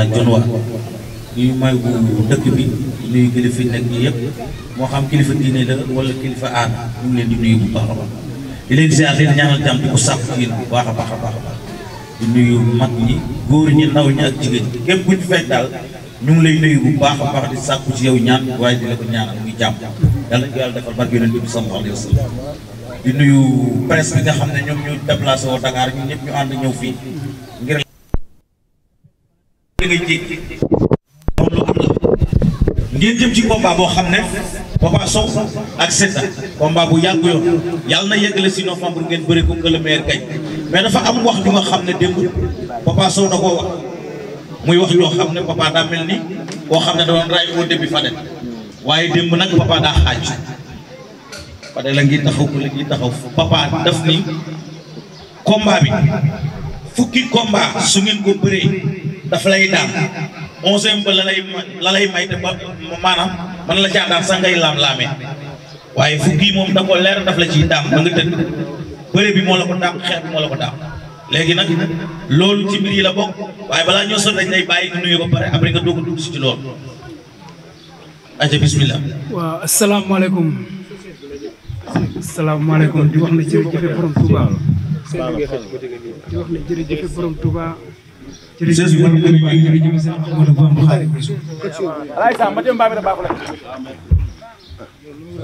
waa Jonwar ñuy mooy bu dëkk bi nuyu kilifa nekk ñi yëpp moo xam kilifa diine la wala kilifa aar ñu leen di nuyu bu baax a baax di leen ziar sàkku ci yéen bu baax a baax a baax a baax ñi góor ñi ndaw ñi ak jigéen ñi képp daal ñu ngi lay nuyu bu baax a baax di sàkku ci yow ñaan waaye di la ko ñaanal muy jàmm yàlla ko yàlla defal barke yonent bi sallallahu alayhi di nuyu presse bi nga xam ne ñoom ñu déplacé woo Dakar ñun ñu ànd ñëw fii ngay jékki loolu ngeen jëm ci combat boo xam ne Papa Sow ak Siteu combat bu yàgg yoon yàlla na yeggale si novembre ngeen bëri ko que le maire mais dafa am wax ju nga xam ne démb Papa Sow da wax muy wax yoo xam ne Papa daa mel ni koo xam ne da doon raay au début Fadel waaye démb nag Papa daa xaaj Fadel la ngi taxaw la ngi taxaw Papa daf ni combat bi fukki combat su ngeen ko bëree. daf lay daan onzième ba la lay la may te ba maanaam mën la caa daan sax ngay laam-laamee waaye fukki moom da ko leer daf la ciy daan ba nga tëdd bëre bi moo la ko daan xeex moo la ko daan léegi nag loolu ci mbir la bokk waaye balaa ñoo sori dañ lay bàyyi nuyu ba pare après nga doog a dugg si ci loolu. aja bismillah. waaw asalaamaaleykum. asalaamaaleykum di wax di wax na jërëjëf borom Touba. jërëjëf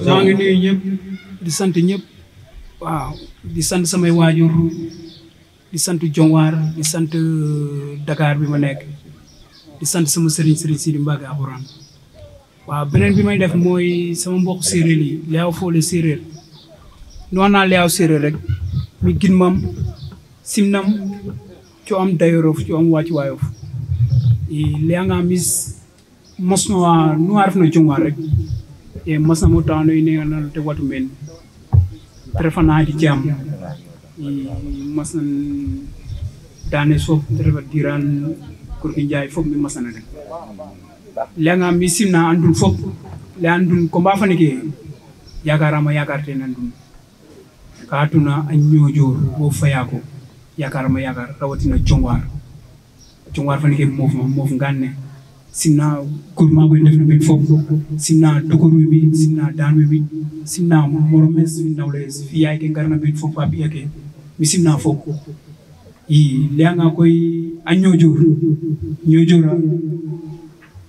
maa ngi nuyu ñëpp di sant ñëpp waaw di sant samay waajur di sant jonwaar di sant dakaar bi ma nekk di sant sama sëriñ sëriñ Sidi Mbacké Alxuraan waaw beneen bi may def mooy sama mbokk séeréer yi Léaw Fole séeréer noon naa Léaw rek mi gin mam simnam ጨዋም ዳይሮፍ ጨዋም ዋጭ ዋዮፍ ሊያንጋ ሚስ መስኖ ኑ አርፍ ነው ጀንዋ ረግ መስና ሞታ ነው ይኔ ነው ተዋቱ ሜን ተረፈና አዲ ጃም መስን ዳኔ ሶፍ ተረፈ ዲራን kurki njay fop mi masana den lenga mi simna andun fop le andun ko mba fani ke yakarama yakarte nan dum ka tuna an nyojor wo fayako yaakaar ma yaakaar rawatina Jongwaar Jongwaar fani ke moof ma moof nganne simna kurma ɓe ndefno ɓen fof simna dogoruy min simna danwe min simna moromes min nawles fiyay ke garna ɓen fof ha ɓiya ke mi simna fof i leyanga koy a ñojoor ñojora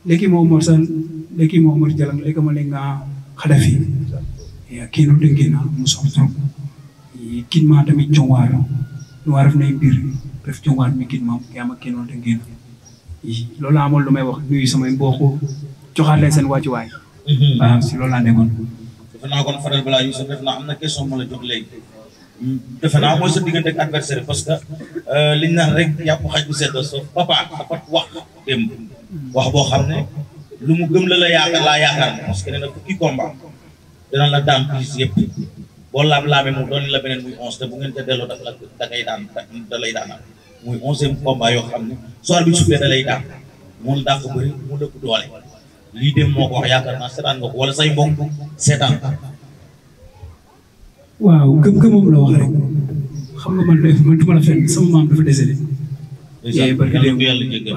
lekima omar san lekima omar jalang lekama lenga xadafi keno de ngena musof trop kinma tamit jongwaar Noiref nay biir daf jógaat mi kit moom yaa ma kennoon te génn loolu laa amoon lu may wax nuyu samay mbokk joxaat leen seen wàccuwaay. Mhm. waaw si loolu laa nekkoon. defe naa kon Fadel balaa Youssef def naa am na question ma la jox léegi. defe naa mooy sa diggante ak adversaire parce que euh, liñ naan rek yàpp xaj bu sedd so papa dafa wax démb. wax boo xam ne lu mu gëm la la yaakaar laa yaakaar parce que nee na fukki combat dana la daan plus yëpp. boo laam-laamee mu doon la beneen muy onze te bu ngeen te delloo daf la da ngay daan da lay daanal muy onzième yoo xam ne soir bi suufee da lay daan mun dàq bëri mu lëpp doole lii dem moo ko wax yaakaar naa seetaan nga ko wala say mbokk seetaan waaw gëm-gëmam la wax rek xam nga man def man duma la fenn sama maam dafa décédé yee barke dem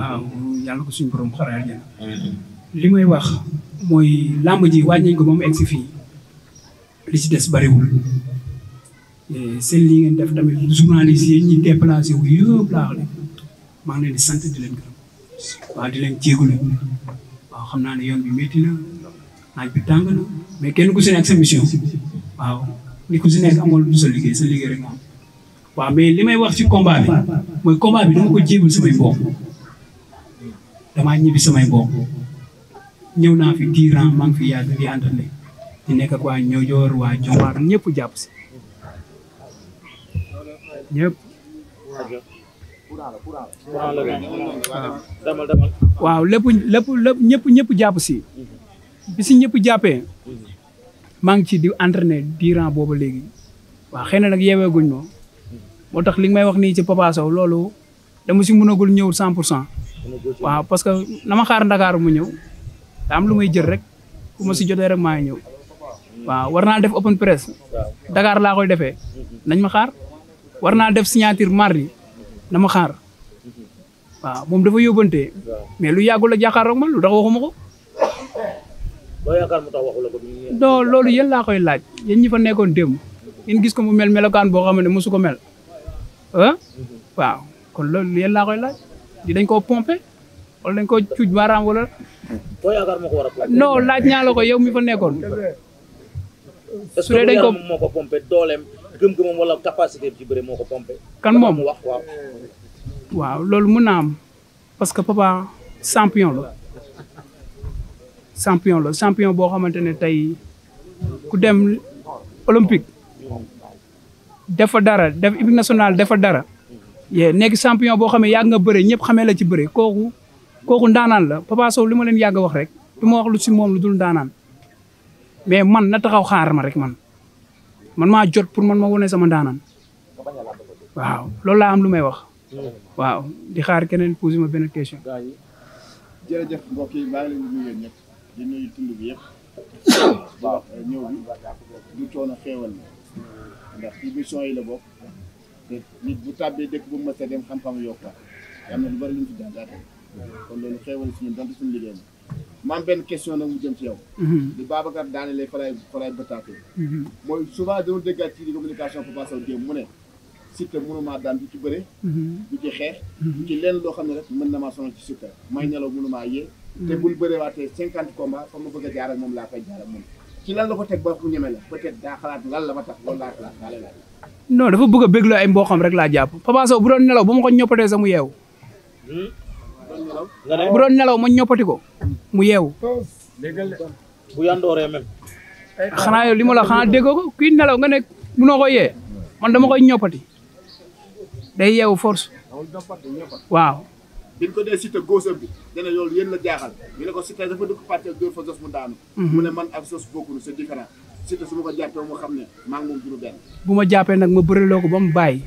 waaw yàlla ko suñu borom xaraar li may wax mooy làmb ji waaj nañ ko ba mu fii li ci des bariwul seen li ngeen def tamit journaliste yi ñi déplacé wu yëpp laa maa ngi leen di sant di leen gërëm waaw waaw xam naa ne yoon bi métti naaj bi tàng na kenn ku si nekk sa waaw ni ku si nekk amoon du sa liggéey sa liggéey rek waaw mais li may wax si combat mooy combat bi dama ko jébal samay mbokk damaa ñibbi samay mbokk ñëw naa fi dix ans maa ngi fi yàgg ñu nekk ak waa Ñoojoor waa Jowaar ñëpp jàpp si ñëpp waaw lépp ñëpp ñëpp jàpp si si ñëpp jàppee maa ngi ci di entraîné durant boobu léegi waa xëy na nag yeeweeguñ ma moo tax li nga may wax nii ci Papa Sow loolu dama si mënagul ñëw cent pour cent waaw parce que na xaar Ndakaaru mu ñëw daa lu may jël rek ku si jotee rek maa ñëw waaw war naa def open press Dakar laa koy defee nañ ma xaar war naa def signature mardi na ma xaar waaw moom dafa yóbbante mais lu yàggul la jàkkaarloog man lu tax waxuma ko. loo loolu yéen laa koy laaj yéen ñi fa nekkoon démb gis ko mu mel melokaan boo xam ne mosu ko mel ah waaw kon loolu yéen laa koy laaj di dañ koo pompé wala dañ koo cuuj baaraam wala. loo yaakaar a non laaj ñaa la ko yow mi su dee ko moo ko pompé dooleem gëm-gëmam wala capacité moo ko pompé. kan moom wax waaw. loolu mun naa am parce que papa champion la champion la champion boo xamante ne tey ku dem olympique defa dara def équipe nationale defa dara. yee nekk champion boo xam ne yàgg nga bëre ñëpp xamee la ci bëre kooku kooku ndaanaan la papa Sow li ma leen yàgg wax rek du ma wax lu si moom lu dul ndaanaan. mais man na taxaw xaar ma rek man man maa jot pour man ma wane sama ndaanaan waaw loolu laa am lu may wax waaw di xaar keneen posé ma benn question. jërëjëf mbokk yi maa ngi leen di nuyu ñëpp di nuyu tund bi du coono yi la bokk te nit bu tàbbee dëkk bu mës a dem xam-xam yokku am na fi jàngaate kon loolu ma benn question nag mu jëm ci yow. li mhm. Babacar daane lay fa lay fa lay bëtaatee. Mhm. mooy souvent dama déggaat ci communication Papa Sow démb mu ne. Siteu mënumaa daan du ci bëre. Mhm. du ci xeex. du ci lenn loo xam ne rek mën na ma sonal ci Siteu may nelaw mënumaa yee. te bul bëreewaatee cinquante combat fa ma bëgg a moom laa koy jaar ak ci lan la ko teg ba ku ñeme la peut-être daa xalaat lan la ma tax loolu laa xalaat daa lay laaj. non dafa bëgg a bégloo ay rek laa jàpp Papa bu doon nelaw ba ma ko ñoppatee sa mu bu doon nelaw ma ñoppati ko mu yeewu. bu yandooree xanaa yow li ma la xanaa déggoo ko kii nelaw nga ne munoo ko yee man dama koy ñoppati day yeewu force waaw. bi ko dee cité góosam bi daanu mhm. ma jàppee bu ma jàppee nag ma bëriloo ko ba mu bàyyi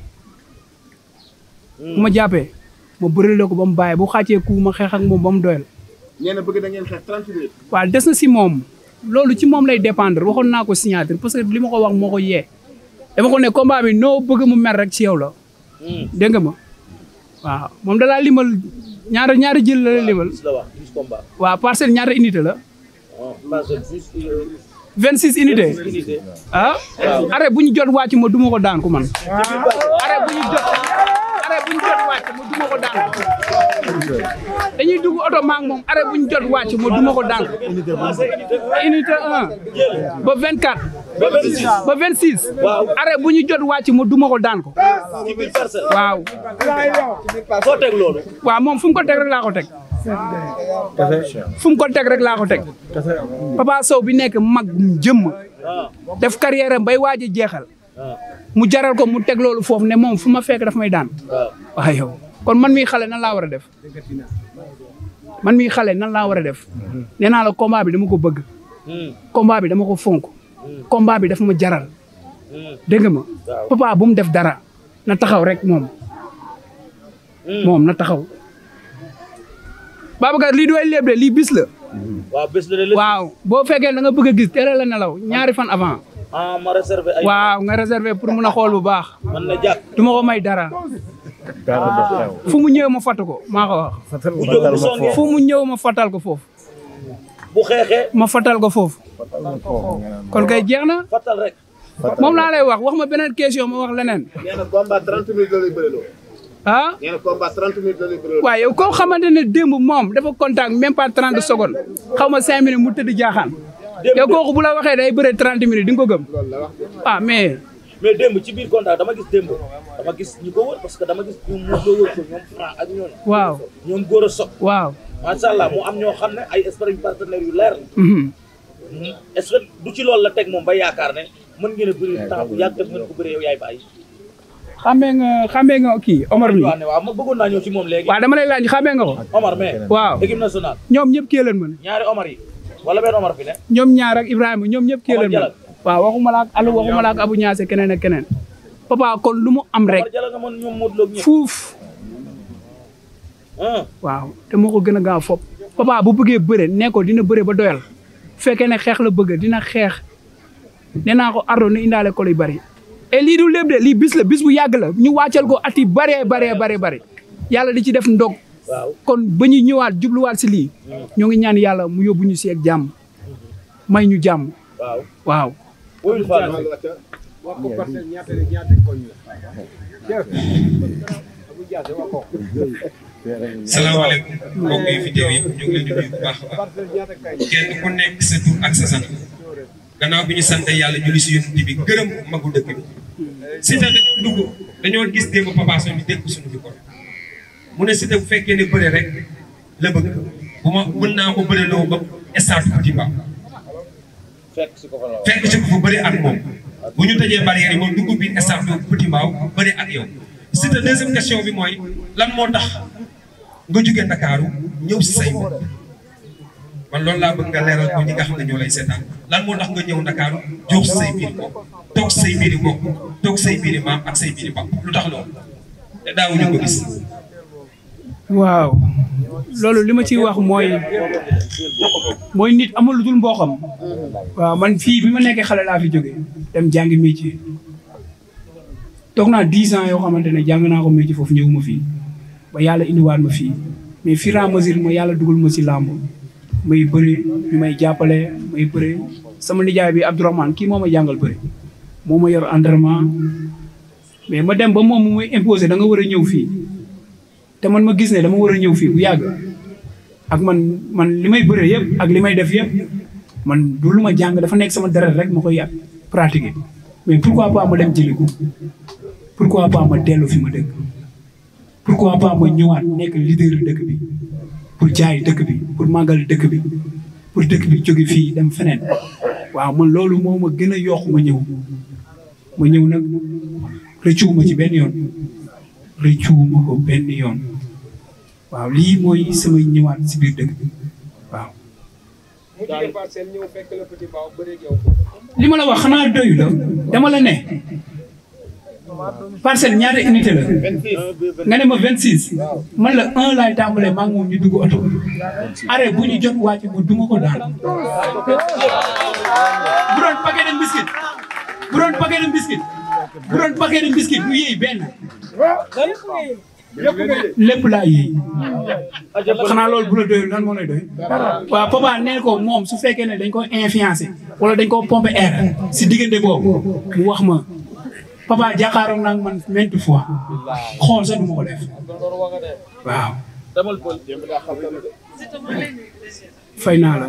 hmm. bu ma jàppee ma bëri la ko ba mu bàyyi bu xaacee ku ma xeex moom ba mu doyal. nee na bëgg des na si moom loolu ci moom lay dépendre waxoon naa ko signature parce que li ma ko wax moo ko yee. dama ko ne combat bi noo bëgg mu mer rek ci yow la. Hmm. dégg nga ma waaw moom dalaa limal ñaari ñaari jël la la limal. waaw parcelle ñaari unité la. 26 euh, unités ah. arrêt bu ñu jot wàcc ma du ma ko daan ku man. arrêt bu ñu jot. arrêt buñ jot wàcc ma duma ko daan dañuy dugg oto maak moom arrêt buñ jot wàcc ma duma ko daan unité 1 ba 24 ba 26 bu ñu jot wàcc ma duma ko daan ko waaw foo waaw moom fu mu ko teg rek laa ko teg fu mu ko teg rek laa ko teg Papa Sow bi nekk mag jëmm ah. def carrière am bay waaj a jeexal mu jaral ko mu tegloolu foofu ne moom fu ma fekk daf may daan. waaw yow kon man miy xale nan laa war a def. man miy xale nan laa war a def. nee naa la combat bi dama ko bëgg. combat bi dama ko fonk. combat bi dafa ma jaral. dégg ma papa bu mu def dara na taxaw rek moom. moom na taxaw. Babacar lii du ay de lii bis la. waaw boo fekkee da nga bëgg a gis tere la nelaw ñaari fan avant. ah ma réservé ay. waaw nga réservé pour mun a xool bu baax. man na jàpp du ma ko may dara. Ah, fu mu ñëw ma fàttal ko maa ko wax. fu mu ñëw ma fàttal ko foofu. bu ma fàttal ko foofu. kon kay jeex na. fàttal rek. moom laa lay wax wax ma beneen question ma wax leneen. nee na combat ah? koo xamante ne démb moom dafa contact même pas 30 secondes xaw ma 5 minutes mu tëdd jaaxaan. yow kooku bu la waxee day bëre 30 minutes di ko gëm. ah mais. mais démb ci biir contact dama gis démb dama gis ñu ko parce que dama gis ñu mu ko waaw ñoom góor a soq. waaw mu am ñoo xam ne ay sparring partenaires yu leer la. Mhm. Mm-hmm. est-ce que du ci lool la teg moom ba yaakaar ne mën ngeen a temps bu yàgg def ngeen ko bëri yow yaay bàyyi. xamee nga xamee nga kii Omar mi waaw ma bëggoon naa ñëw ci moom léegi. waaw dama lay laaj xamee nga ko. Omar mais. waaw ñoom ñëpp kii leen mën. wala benn ñoom ñaar ak Ibrahima ñoom ñëpp kii leen. waaw waxuma la ak Aliou waxuma la ak Abou Niasse keneen keneen. papa kon lu mu am rek. fuuf. waaw te moo ko gën a gaaw fop papa bu bëggee bëre ne dina bëre ba doyal. fekkee ne xeex la bëgg dina xeex ne naa ko ardo na indaale ko yu bari. et lii du lépp de lii bis la bis bu yàgg la ñu wàccal ko at yi baree baree baree bare yàlla di ci def ndog. waaw kon ba ñuy ñëwaat jubluwaat si lii. Hmm. ñoo ngi ñaan yàlla mu yóbbu ñu si jàmm. may ñu jàmm. waaw waaw. salaamaaleykum mbokk yi fi teew yëpp ñu ngi leen di bu baax baax kenn ku nekk sa tur ak sa sant gannaaw ñu sant yàlla julli si yonent bi gërëm magu dëkk si sa dëkk dugg dañoo gis démb Papa Sow ñu dëkk suñu fi ko mu ne Siteu bu fekkee ne bëre rek la bëgg bu ma mën naa ko bëre loo ba stade Petit fekk si ko fa bëri ak moom bu ñu tëjee barrière yi moom dugub bi stade Petit Mbao bëri ak yow Siteu deuxième question bi mooy lan moo tax nga jógee Ndakaaru ñëw si say mbokk man loolu laa bëgg nga leeral ko ñi nga xam ne ñoo lay seetaan lan moo tax nga ñëw Ndakaaru jox say biir mbokk toog say biir mbokk toog say biir maam ak say biir papa lu tax loolu te waaw loolu li ma ciy wax mooy mooy nit amul lu dul mboqam. waaw man fii bi ma nekkee xale laa fi jógee dem jàngi métier toog naa dix ans yoo xamante ne jàng naa ko métier foofu ñëwuma fii ba yàlla indiwaat ma fii mais fur et à mesure ma yàlla dugal ma ci làmb may bëri ñu may jàppale may bëri sama nijaay bi Abdourahmane kii moo ma jàngal bëri moo ma yor entraînement mais ma dem ba moom mu may imposé da war a ñëw fii. te man ma gis ne dama war a ñëw fii bu yàgg ak man man li may bëree yëpp ak li may def yëpp man du ma jàng dafa nekk sama deret rek ma koy yàgg pratiquer mais pourquoi pas ma dem jëliku pourquoi pas ma dellu fi ma dëkk pourquoi pas ma ñëwaat nekk leader dëkk bi pour jaay dëkk bi pour màggal dëkk bi pour dëkk bi jóge fii dem feneen waaw man loolu moo ma gën a yokk ma ñëw ma ñëw nag rëccuwuma ci benn yoon rëccuwuma ko benn yoon waaw lii mooy samay ñëwaat si biir dëkk bi waaw. li ma la wax xanaa doyu la dama la ne parcelle ñaata unité la nga ne ma 26 man la 1 laay ñu dugg oto mu duma ko daal. bu doon paquet de biscuit bu doon paquet de biscuit bu doon paquet lépp laa yéey xanaa loolu bu la doyul moo lay doy waaw papa nee ko moom su fekkee ne dañ koo influencé wala dañ koo pompé air si diggante koo mu wax ma papa jàkkaaroon naa man maintes fois xool sax du ma ko def waaw fay naa la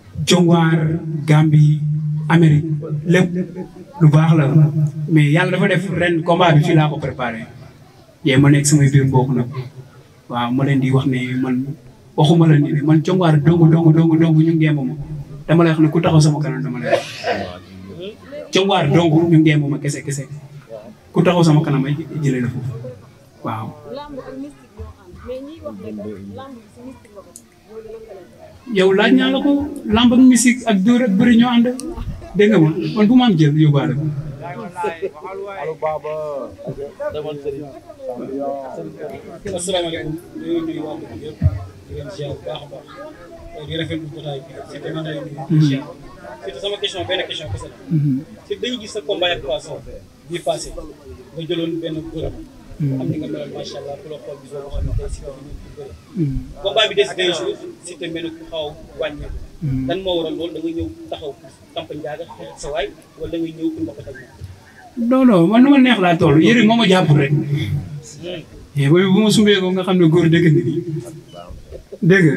jonwaar Gambie Amérique lépp lu baax la mais yàlla dafa def ren combat bi fii laa ko préparé yee ma nekk samay biir mbokk nag waaw ma leen di wax man waxuma la ni man jonwaar dongu dongu dongu dongu ñu ngeem ma dama lay wax ne ku taxaw sama kanam dama lay wax jonwaar dongu ñu ngeem ma kese kese ku taxaw sama kanam ay jëlee la foofu waaw. yow laaj naa la ko lamb ak musique ak dóor ak bëri ñoo ànd dégg nga ma bu ma jël yóbbaale ko. asalaamaaleykum a baax mm-hmm. sama question benn mm-hmm. sa combat ak Paa jëloon benn góoram. Mm. am mm. bi soo mm. taxaw Kampa man nu neex laa tool yëri moo ma jàpp rek. mais eh, booy bu nga xam ne góor dëkk bi dégg nga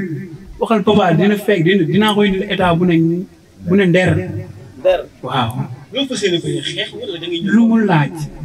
waxal papa dina fekk dina dinaa koy état bu ne bu waaw. lu mu laaj.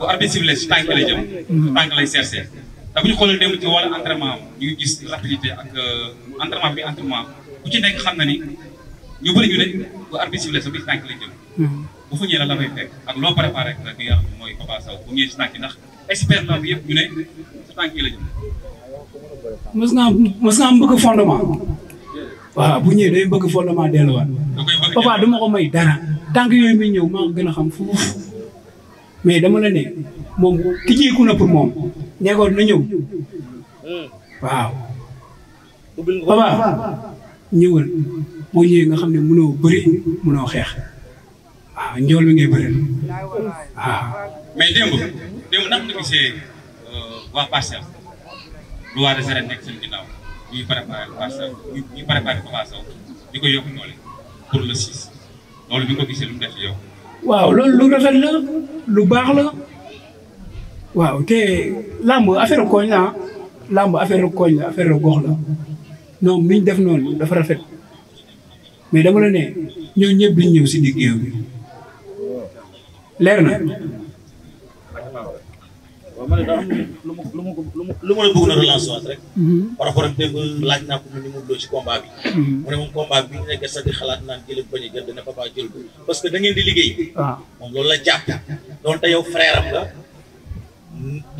bu arbitre sifflé si tànk lay jëm. Mhm. tànk lay cherché. te bu ñu xoolee démb ci wàllu entraînement ñu ngi gis rapidité euh, bi entraînement ku xam na ni ñu bëri ñu ne bu arbitre sifflé sa biir tànk lay jëm. Mhm. bu fa mooy Papa Sow bu ñëwee si tànk yi ndax expert la bi yëpp ñu ne sa tànk yi bëgg fondement. waaw bu ñëwee day bëgg fondement delluwaat. da koy bëgg du ma ko may dara. tànk yooyu muy ñëw maa gën a xam foofu. mais dama la ne moom tijjeeku na moom nekkoon na ñëw hmm. waaw. papa ñëwal nga xam ne mënoo bëri mënoo xeex waaw njool mi ngay bëri waaw. mais démb démb naka nga gisee euh, waa parcelle roi des arènes nekk seen ginnaaw ñuy préparé parcelle ñuy préparé Papa ko yokk doole ko gisee lu mu waaw loolu lu rafet la lu baax la waaw te làmb affaire koñ la làmb affaire koñ la affaire gox la ñoom mi ñu def noonu dafa rafet mais dama la ne ñoo ñëpp duñ ñëw si digg bi leer na. waaw ma ne daa am lu mu lu mu lu mu lu ma bëgg na relance waat rek. Mhm. par rapport ak démb laaj naa ko mu ni mu doo ci combat bi. Mhm. mu ne moom combat bi ñu nekk sax di xalaat naan jëlee bañ a jël dina papa jël ko parce que da ngeen di liggéey. waaw ah. moom loolu la jàpp. donte yow frère am nga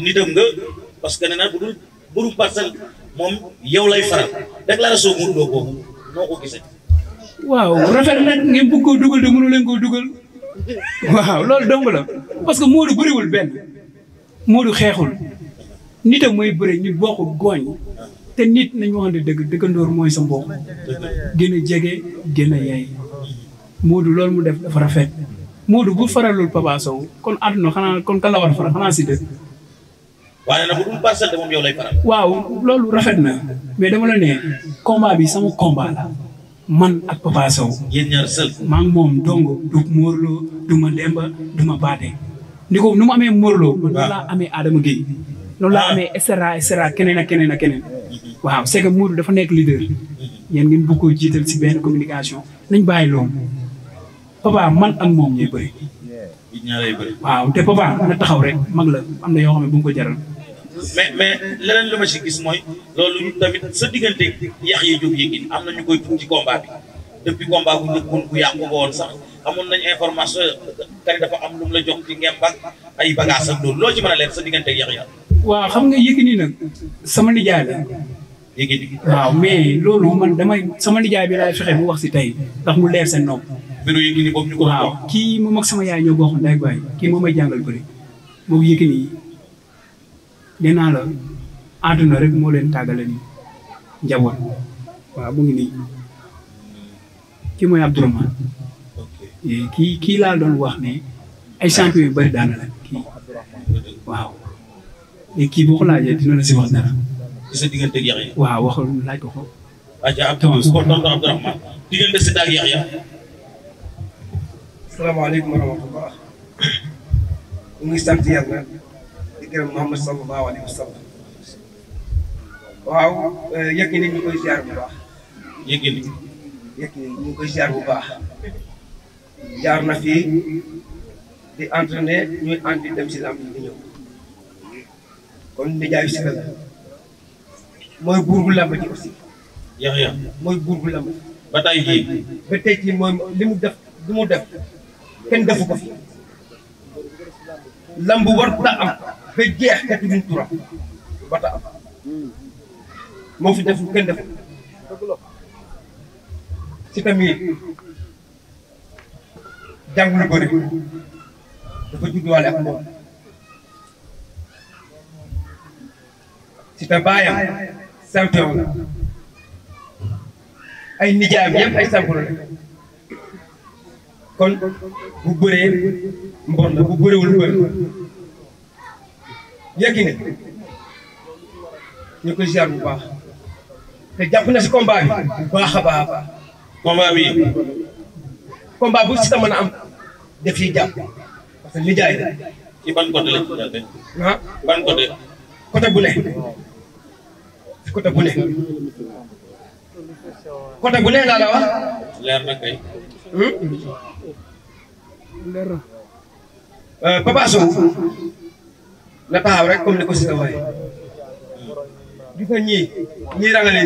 nitam nga parce que nee naa bu dul bëru parcelle moom yow lay faral déclaration mu doo boobu noo ko gisee. waaw rafet nag ngeen bëgg koo dugal te mënu leen koo dugal. waaw loolu dong la parce que Modou bëriwul benn. Modou xeexul nit ak mooy bëre ñu bokk gooñ te nit nañu waxante dëgg dëggandoor mooy sa mbokk gën a jege gën a yaay Modou loolu mu def dafa rafet Modou bu faralul Papa Sow kon àdduna xanaa kon kan la war a faral xanaa si dëgg. waaye nag bu waaw loolu rafet na mais dama la ne combat bi sama combat la man ak Papa Sow. maa moom dong du Mor Lo du ma Demba du ma Baate. ni ko nu mu amee Morlo. noonu laa amee Adama Gueye. noonu laa ah. amee et cetera keneen ak keneen ak keneen. waaw c'est que Modou dafa nekk leader. yéen ngeen bëgg ko jiital si benn communication nañ bàyyi loolu. papa man ak mu ñooy bëri. waaw te papa na taxaw rek mag la am na yoo xam ne bu ko jaral. mais mais leneen la ma si gis mooy loolu tamit sa diggante yax yi jóg Yékini am na ñu koy tuuti ci combat bi depuis combat bu njëkk bu yàqu ko woon sax. amoon nañ information kari dafa am lu mu la jox ci ngemba ay bagages ak loolu loo ci mën leer sa diggante yàq yàq waaw xam nga Yékini nag sama nijaay la waaw mais loolu man damay sama nijaay bi laay fexe mu wax si tey ndax mu leer seen nopp mbiru Yékini boobu waaw kii moom ak sama yaay ñoo bokk ndey baay kii moom may jàngal bëri moom Yékini nee naa la àdduna rek moo leen tàggale nii njaboot waaw mu ngi nii kii mooy Abdourahmane Eh, kii kii laa doon wax ne ay champion yu bari daana la kii waaw et eh, kii boo ko laajee dina la si wax dara. waaw waxal laaj ko ko. aja ab tamam su ko tonton si daal Yaxya. salaamaaleykum wa rahmatullah. mu ngi sant yàlla di gërëm Muhammad sallallahu alayhi waaw eh, yëg ni koy ziar bu baax. yëg ni ñu koy bu baax. jaar na fii di entraîné ñuy ànd dem si lamb di ñëw kon nijaayu Siteu la mooy buur bu lamb ji aussi. yax yax mooy buur bu lamb ji. ba tey jii ba tey jii li mu def li mu def kenn defu ko fi lamb war ta am ba jeex quatre-vingt-trois ba am moo fi def kenn defu si tamit. jàngul bëri dafa judduwaale ak moom si te baayam sawtewu ay nijaayam yëpp ay sawtu kon bu mbon la bu bëriwul bëri Yékini ñu ko ziar bu baax te jàpp na si combat bi bu baax a combat bu Siteu mën am daf ciy parce que nijaay la. ci ban côté lañ ko jàppee. ah ban côté. côté bu ne. côté bu leer na kay. leer hmm? euh, na. Papa Sow rek comme ni ko Siteu waxee. du ko ñii ñii rangale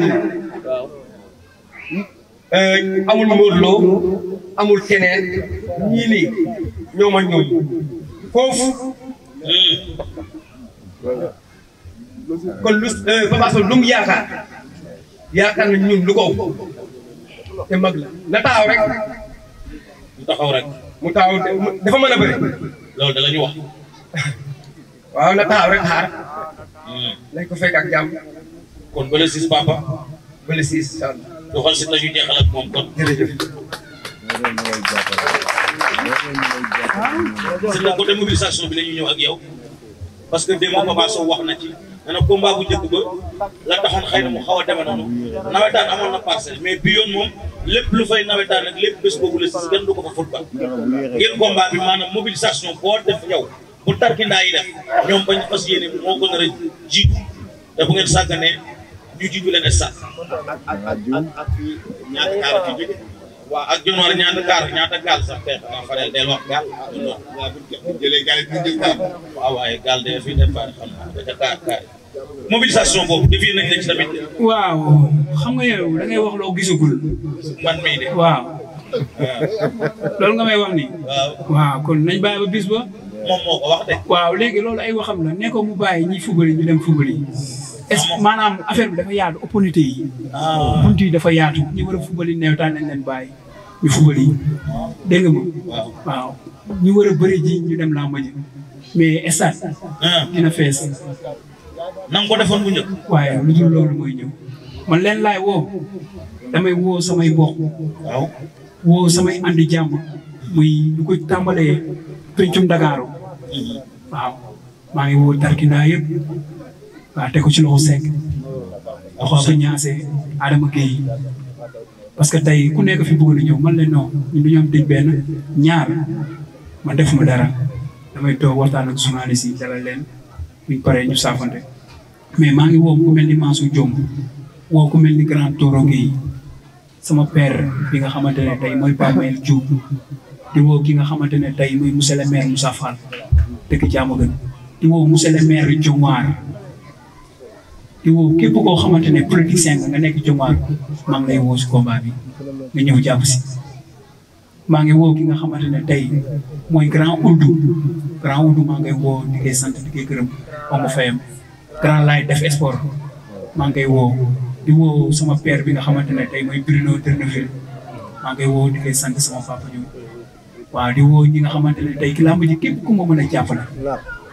Euh, amul Modou Lo amul keneen ñii nii ñoo ma ñëw kon lu euh, Papa Sow lu mu yaakaar nañ ñun lu ko te mag la na taaw rek. mu taxaw rek. taaw dafa mën a bëri. loolu da la ñu wax. waaw na taaw rek xaar. lañ hmm. ko fekk ak jàmm. kon bële siis papa. bële siis du xool si nañu jeexal ak moom bi la ñuy ñëw ak yow parce que démb Papa Sow wax na ci a combat bu njëkk ba la taxoon xëy na mu xaw a noonu nawetaan amoon na parcelle mais bi yoon moom lépp lu fay nawetaan rek lépp bés boobu la si kenn du ko fa football ngir combat bi maanaam mobilisation boo def yow bu tarkindaa yi def ñoom bañ fas yéene moo ko nar a jiitu te bu ngeen sàgganee ñu jiitu leen stade. ak ak ak ak fii ñaata kaar fi jóge. waaw ak John wala ñaata kaar ñaata sax tey xanaa fareel del ah, waaye gaal de fii dem faa xam naa dafa kaar kaar mobilisation boobu nañ la tamit. waaw xam nga yow da ngay wax loo gisagul. man mii de. waaw. loolu nga may wax ni waaw waaw kon nañ bàyyi ba bis ba. moom moo ko wax de. waaw léegi loolu ay waxam na ne ko mu bàyyi ñi fubali ñu dem fubali. est maanaam affaire bi dafa yaatu opportunité yi. Ah. bunt yi dafa yaatu. ñu war a fubali neewtaan nañ leen bàyyi ñu fubali dégg nga ma. waaw ñu a bëri ji ñu dem làmb ji mais ah. fees. na nga ko defoon waaye lu dul loolu mooy man leen laay woo damay woo samay mbokk. waaw woo samay andi muy lu ko tàmbalee pencum Ndakaaru mm-hmm. waaw maa ngi woo tarkindaa waaw teg ko ci loxo Seck ko ñaase Adama Gueye parce que tey ku nekk fi bëgg na ñëw man leen non ñun du ñu am dëj benn ñaar man defuma dara damay toog waxtaan ak journaliste yi dalal leen buñ paree ñu saafante mais maa ngi woo ku mel ni Mansour Diom ku mel ni grand sama per bi nga xamante ne tey mooy Pape Mel Diop ki nga xamante ne tey mooy monsieur le maire Moussa Fall dëkk Diamaguène di woo monsieur le maire di woo képp koo xamante ne politicien nga nga nekk Diomaye maa ngi lay woo si combat bi nga ñëw jàpp si. maa ngi woo ki nga xamante ne tey mooy grand Oudou grand Oudou maa ngay woo di sant di koy gërëm amu fayam grand laay def sport maa ngay woo di woo sama père bi nga xamante ne tey mooy Bruno Terneville maa ngay woo di koy sant sama papa ñu waaw di woo ñi nga xamante ne tey ki làmb ji képp ku ma a jàppale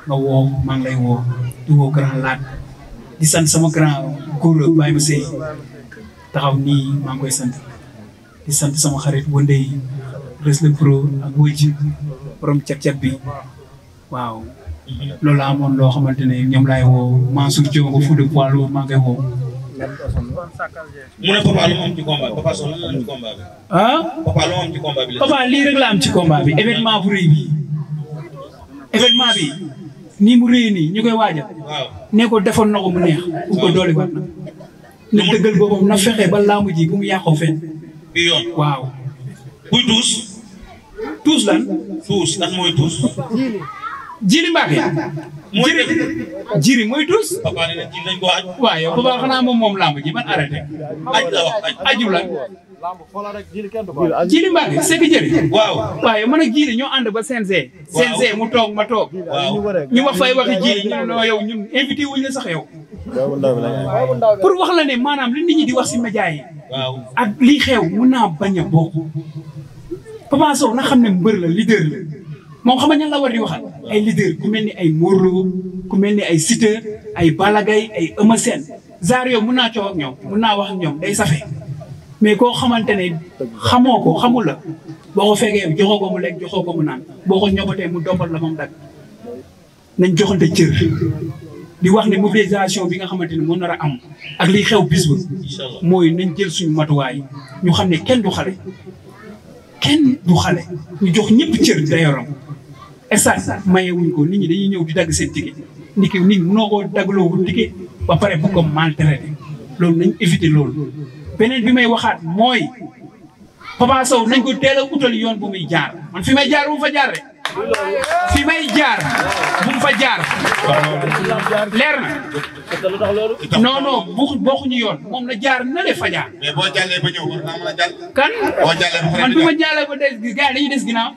nga woo maa ngi lay woo di woo grand laat di sant sama grand góor Baye Mousseye taxaw nii maa ngi koy sant di sant sama xarit Wondey Wrestling Pro ak Boy Djib borom cat-cat bi waaw. loolu amoon loo xamante ne ñoom laay woo Mansour Diop fu de poids lourd maa ngi koy woo. mu ne Papa ci combat Papa Sow lu am ci combat bi. ah Papa lu bi. événement bu rëy bi. nii mu réy nii ñu koy waajal. waaw ne ko defoon na ko mu neex. bu ko doole waat na. na na fexe ba laamu ji bu mu yàqoo fenn. bi waaw. buy tuus. tuus lan. tuus lan mooy tuus. jiri Mbacke. mooy jiri jiri mooy tuus. papa ne ko aaj. waaw yow xanaa moom moom laamu ji man arrêté. aj la jili Mbacke Seck jëli waaw waaye man a jili ñoo ànd ba CNG CNG mu toog ma toog ñu wax fay waxi jili ñu noo yow ñun invité wuñ la sax yow pour wax la ne maanaam li nit ñi di wax si média yi ak lii xew mun naa bañ a bokk Papa na xam ne mbër la leader la moom xam nga la war di waxal ay leader ku mel ni ay Morlo ku mel ni ay Siteu ay Balla Gaye ay Eumeu Sène genre yow mun naa coow ak ñoom mun naa wax ak day safee mais koo xamante ne xamoo ko xamul la boo ko fekkee joxoo ko mu lekk joxoo ko mu naan boo ko ñobatee mu dombal la moom dagg nañ joxante cër di wax ne mobilisation bi nga xamante ne moo nar a am ak liy xew bis ba mooy nañ jël suñu matuwaay ñu xam ne kenn du xale kenn du xale ñu jox ñëpp cër dayoram estat wuñ ko nit ñi dañuy ñëw di dagg seen ticket nit ki nit munoo koo daggloo ticket ba pare bu ko maltraité loolu nañ éviter loolu beneen bi may waxaat mooy Papa Sow nañ ko teel a utal yoon bu muy jaar man fi may jaar bu mu fa jaar rek may jaar bu mu fa jaar leer na non non bu ñu yoon moom la jaar na le fa jaar. mais boo jàllee ba ñëw war naa a jàll. kan boo jàllee ba man bu ma jàllee des gars yi dañuy des ginnaaw.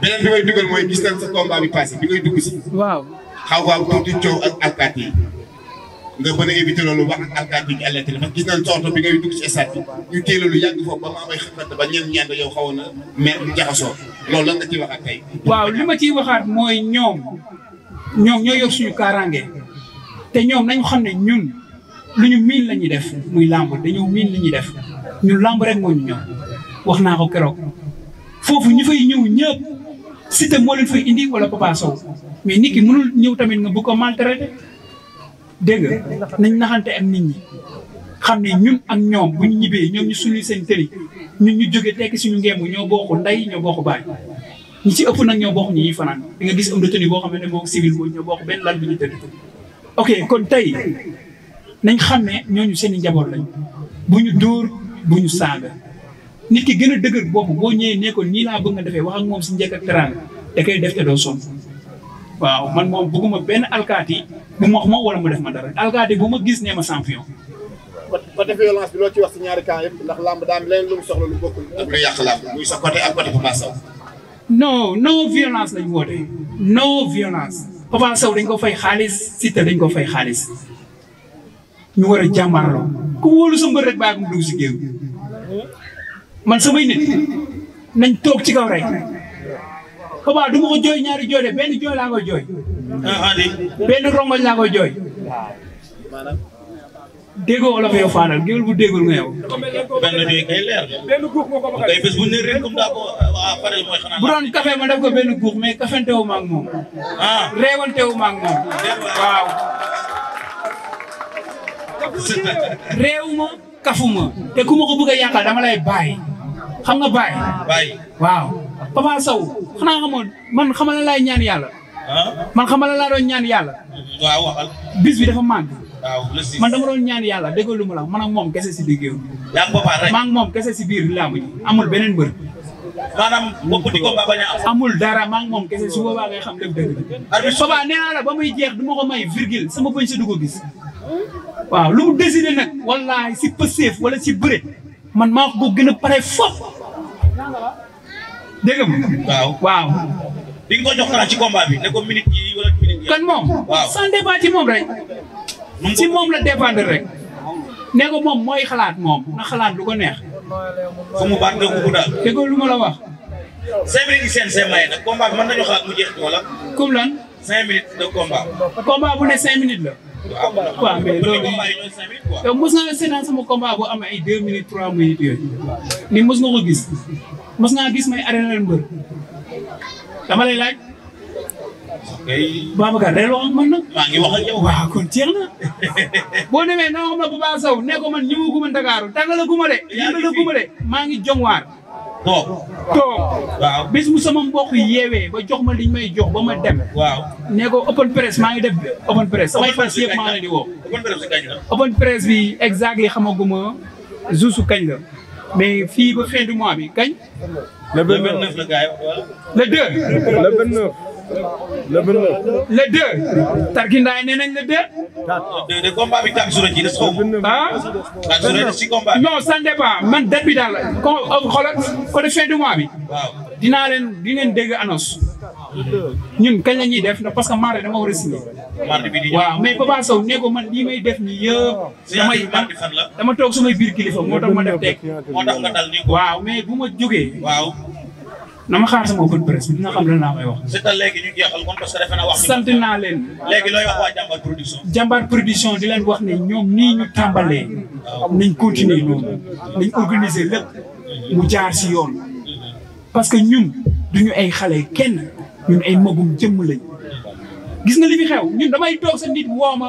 beneen bi may dugal mooy gis nañ sa combat bi passé bi ngay dugg si. waaw xaw waaw di coow ak alkaati yi. nga mën a éviter loolu wax ak alkaati bi alerté parce que gis nañ sorto bi ngay dugg ci stade ñu téela lu yàgg foofu ba ma amay xamante ba ñeen ñaan yow xawoon na mer jaxasoo loolu lan nga ciy waxaat tey waaw li ma ciy waxaat mooy ñoom ñoom ñoo yor suñu kaaraange te ñoom nañu xam ne ñun lu ñu miin la ñuy def muy làmb dañoo miin la ñuy def ñun làmb rek moo ñu ñoom wax naa ko keroog foofu ñu fay ñëw ñëpp Siteu moo leen fay indi wala Papa Sow mais nit ki mënul ñëw tamit nga bu ko maltraité dégg nga nañ naxante ak nit ñi xam ne ñun ak ñoom bu ñu ñibbee ñoom ñu suñu seen tëri ñun ñu jóge tekki suñu ngeemu ñoo bokk nday ñoo bokk baay ñi ci ëpp nag ñoo bokk ñi ñuy fanaan di nga gis homme de tenue boo xam ne moom civil boobu ñoo bokk benn lal bi ñu tëdd ok kon tey nañ xam ne ñooñu seen i njaboot lañ bu ñu dóor bu ñu saaga nit ki gën a dëgër bopp boo ñëwee ne ko nii laa bëgg nga defee wax ak moom si njëkk ak teraanga da koy def te doo sonn waaw man moom bëgguma benn alkaati bu ma xuma wala mu def ma dara alkaati bu ma gis nee ma champion. côté violence bi loo ci wax si ñaari camp yëpp ndax làmb daa am leneen lu mu soxla lu bokkul. ak lu yàq làmb muy sa côté ak côté Papa Sow. non non violence lañ woote non violence. Papa Sow dañ ko fay xaalis Siteu dañ ko fay xaalis ñu war a jàmbaarloo ku wóolu sa mbër rek bàyyi mu dugg si géew man sama nit nañ toog ci kaw rek. Kobaa du ma ko jooy ñaari jooy de benn jooy laa jooy. Ah, ah, benn rongoñ laa jooy. déggoo la yow faanal géwél bu déggul nga yow. benn jooy kay leer. ko bu ne rek ma def benn guux mais cafentewu ma ak moom. ah réewantewu ma ak moom. waaw. réew ma te ku ma ko bëgg a yàqal dama lay bàyyi. xam nga waaw. Papa Sow xanaa xamoon man xamal laay ñaan yàlla. Ah? man xamal laa doon ñaan yàlla. waaw waxal. bis bi dafa maan waaw man dama doon ñaan yàlla déggoo lu mu la man a moom kese si liggéeyam. yaa ngi boppam rek maa ngi moom kese si biir làmb ji beneen mbër. maanaam bopp ko bañ a am. amul dara maa ngi moom kese su boobaa ngay xam lépp dëgg la. Papa nee naa la ba muy jeex du ma ko may virgule sama bëñ si du ko gis. waaw lu mu décidé nag wallaahi si pëseef wala si bëre man maa ko gën a pare foofu. dégg nga waaw waaw. di nga ko jox xalaat ci combat bi ne ko minute yi wala minute yi. kon moom. waaw ci moom rek. ci moom la dépendre rek. ne ko moom mooy xalaat moom na xalaat lu ko neex. fu mu baat dëgg bu lu ma la wax. cinq minutes yi seen seen maye nag combat bi mën nañu wala. comme lan. cinq de combat. combat bu ne cinq minutes la. waaw mais loolu yow mos nga seetaan sama combat bu am ay deux minutes trois minutes yooyu. ni mos nga ko gis. mos naa gis may arrêté mbër dama lay laaj. Babacar day wax ak man nag. maa ngi wax ak yow. waaw kon jeex na. boo demee na wax ma Papa Sow ne ko man ñëwu guma Ndakaaru tàngala guma de. yàlla guma de maa ngi jongwaar. toog toog. waaw bis mu sama mbokk yeewee ba jox ma liñ may jox ba ma dem. waaw ne ko open press maa ngi def open press. open press yëpp maa ngi di woo. open press bi kañ la. open press yi xamaguma juusu kañ la. mais fii ba fin du mois bi kañ. le vingt neuf la gars yi wax le deux. le vingt neuf. le vingt neuf. nañ le deux. le deux combat bi tàgg suuna ji si combat man date bi daal la. kon xoolal du mois bi. waaw dinaa leen di leen dégg ñun kaña la def na parce que mardi dama war a signé. mardi bi di ñëw waaw mais Papa Sow ne man lii may def nii yëpp. dama toog sumay biir kilifa moo tax ma def teg. moo tax nga waaw mais bu ma jógee. waaw. na ma xaar sama open presse bi dina xam lan laa may wax. léegi wax. sant naa leen. léegi looy wax production. jàmbaar di leen wax ne ñoom nii ñu tàmbalee. nañ continuer noonu. nañ organiser lépp mu jaar si yoon. parce que ñun duñu ay xale kenn. ñun ay magum jëmm lañ gis nga li fi xew ñun damay toog sa nit woo ma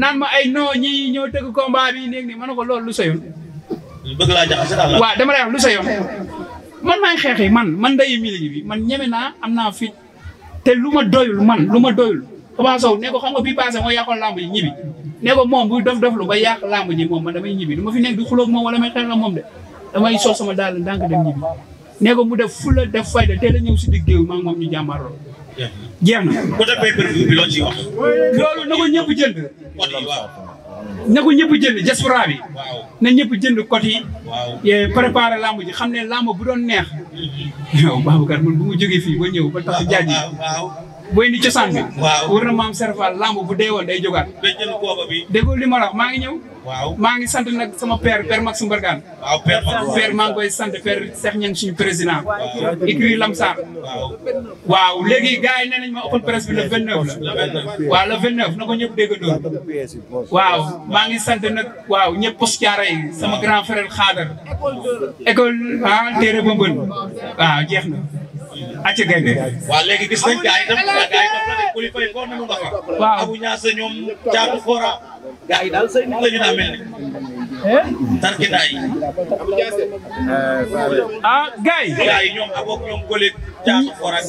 naan ma ay non ñi ñoo tëgg baa bi néeg ni ma ne ko loolu lu soyoon bëgg laa jaxase daal waaw dama lay wax lu soyoon man maay xeexi man man dayu milieu bi man ñeme naa am naa fit te lu ma doyul man lu ma doyul Papa Sow ne ko xam nga bii passé moo yàqoon làmb ji ñibbi ne ko moom buy dof dof lu ba yàq làmb ji moom man damay ñibbi du ma fi nekk di xulóog moom wala may xeex moom de damay sol sama daal ndànk dem ñibbi ne ko mu def fula def fayda teel a ñëw si digg maa moom ñu jàmmarloo. jeex na côté pay per view bi loolu ci ko ñëpp jënd. na ko ñëpp jënd na ñëpp jënd côté yi. waaw eh, préparé ji xam ne lamb bu doon neex. yow mm-hmm. Babacar man bu mu jógee fii ba ñëw ba tax jaaj. booy indi cosaan bi. waaw war na maam serfal lamb bu deewoon day jógaat. béjjël booba bi. li maa ngi ñëw. waaw maa ngi sant nag sama père père max Mbargane. waaw père Maxime père maa ngi koy sant père Cheikh Niang suñu président. waaw Ikri Lamsar. waaw léegi gaa yi nee nañ ma open presse bi le 29 la. waaw le 29 na ko ñëpp déggandoo. waaw maa ngi sant nag waaw ñëpp pos caara yi sama grand frère Khadar. école ah ba mbën waaw jeex na. acca gaynde waaw léegi gis nañ gaa yi tam gaa abu ñaase ñoom caatu fora gaa yi daal say nit la ñu daa mel ni eh? tarkindaa ah, yi ah gaa yi yi ñoom aboog ñoom collègue caatu fora ak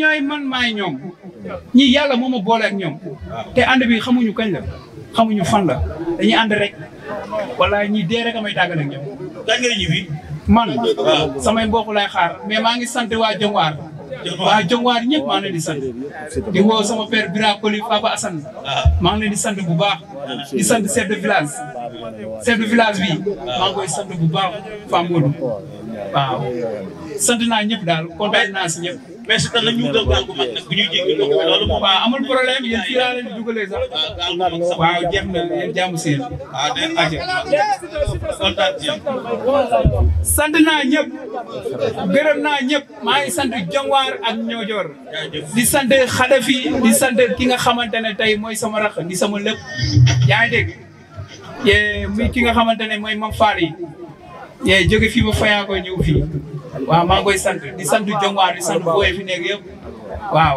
ñooy man maay ñoom ñii yàlla moo ma boole ñoom te ànd bi xamuñu kañ la xamuñu fan la dañu ànd rek wala ñii dee rek a tàggal ak ñoom kañ ngay ñibbi man samay mbokk lay xaar mais maa ngi sant waa Jongwaar waa Jongwaar ñëpp maa ngi leen di sant di woo sama père Bira Koli Papa Assane maa ngi leen di sant bu baax di sant chef de village chef village bi maa ngi sant bu baax Fam Modou waaw sant naa ñëpp daal kontaan naa si ñëpp mais si tamit ñu dëggal gu mag nag bu ñuy jéggi loolu. waaw ah, na yéen jàmm seen. Ah, sant naa ñëpp. gërëm naa ñëpp. maa ngi sant Jonwaar ak Ñoojoor. di sant Xadafi di ki nga xamante ne tey mooy sama rax di sama lépp. yaa ngi dégg. muy ki nga xamante ne mooy Mame Fall yi. jóge fi ba Fayaako ñëw fii. waaw maa ngi koy sant di sant jëngwaar di sant booy fi nekk yëpp waaw